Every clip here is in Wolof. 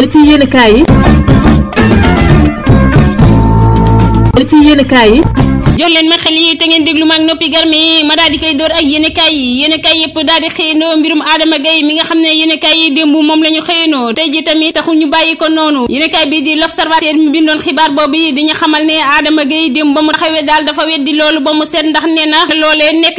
li ci yéenekaay yi ci yenn kaay yi. jox leen ma xel yi te ngeen déglu ma ak noppi garmi ma daal di koy door ak yéenekaay yi yéenekaay yëpp daal di xëyandoo mbirum Adama Gaye mi nga xam ne yéenekaay yi démb moom la ñu xëyandoo tey ji tamit taxul ñu bàyyi ko noonu yéenekaay bi di l'observateur mi bindoon xibaar boobu yi xamal ne Adama Gaye démb ba mu taxawee daal dafa weddi loolu ba mu na loolee nekk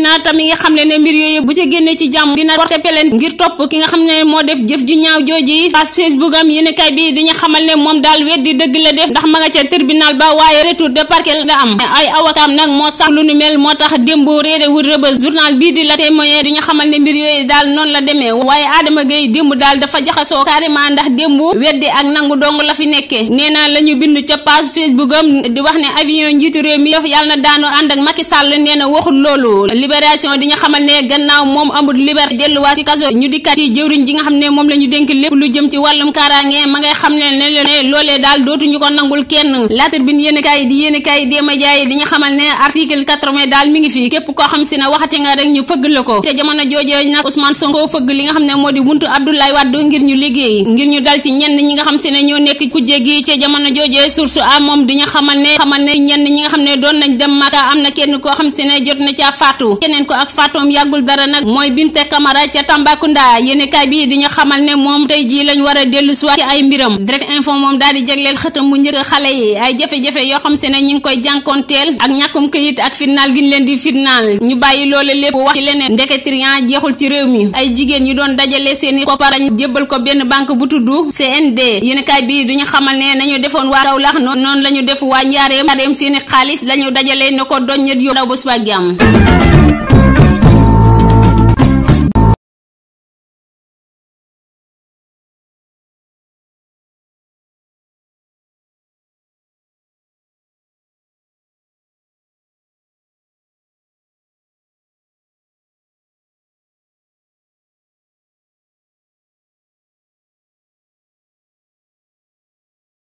na tamit nga xam ne ne mbir yooyu bu ca génnee ci jàmm dina porter plainte ngir topp ki nga xam ne moo def jëf ju ñaaw jooji page Facebook am yéenekaay bi dañu xamal ne moom daal weddi dëgg la def ndax ma nga ca tribunal ba waaye retour de parquet la am ay awakaam nag moo sax lu nu mel moo tax démb réere wul rëbës journal bii di la témoin di ñu xamal ne mbir yooyu daal noonu la demee waaye Adama Gueye démb daal dafa jaxasoo carrément ndax démb weddi ak nangu dong la fi nekkee nee na la ñu bind ca page Facebook am di wax ne avion njiitu réew mi yàlla na daanu ànd ak Macky Sall nee na waxul loolu libération di nga xamal ne gannaa moom amul liberté delluwaat ci kaso ñu dikkat ci jëwriñ ji nga xam ne moom la ñu dénk lépp lu jëm ci wàllum kaaraange ma ngay xam ne ne leen loolee daal dootuñu ko nangul kenn la tribune yéenekaay di yéenekaay des médias yi di ñu xamal ne article 80 daal mi ngi fi képp koo xam si ne waxati nga rek ñu fëgg la ko jamono joojee nag Ousmane Sonko li nga xam ne moo di buntu Abdoulaye Wade ngir ñu liggéey ngir ñu dal ci ñenn ñi nga xam si ne ñoo nekk kujje gi ca jamono joojee source a moom di ñu xamal ne xamal ne ñenn ñi nga xam ne doon nañ dem Màkka am na kenn koo xam si ne jot na caa faatu keneen ko ak faatoom yàggul dara nag mooy Binte Camara ca Tambacounda yéenekaay bi di ñu xamal ne moom tey jii lañu war a dellu si ci ay mbiram direct info moom daal di jagleel xëtam bu njëkk xale yi ay jafe-jafe yoo xam se ne ñi ngi koy jànkoonteel ak ñàkkum këyit ak fitnaal gi ñu leen di fitnaal ñu bàyyi loole lépp wax ci leneen ndeketrian jeexul ci réew mi ay jigéen yu doon dajale seeni kopparañ jébbal ko benn banque bu tudd CND yéenekaay bii duñu xamal ne nañu defoon waa Kawlax noonu lañu def waa Njaareem Njaareem seeni xaalis lañu dajale ne ko doññet yow daw ba suba jàmm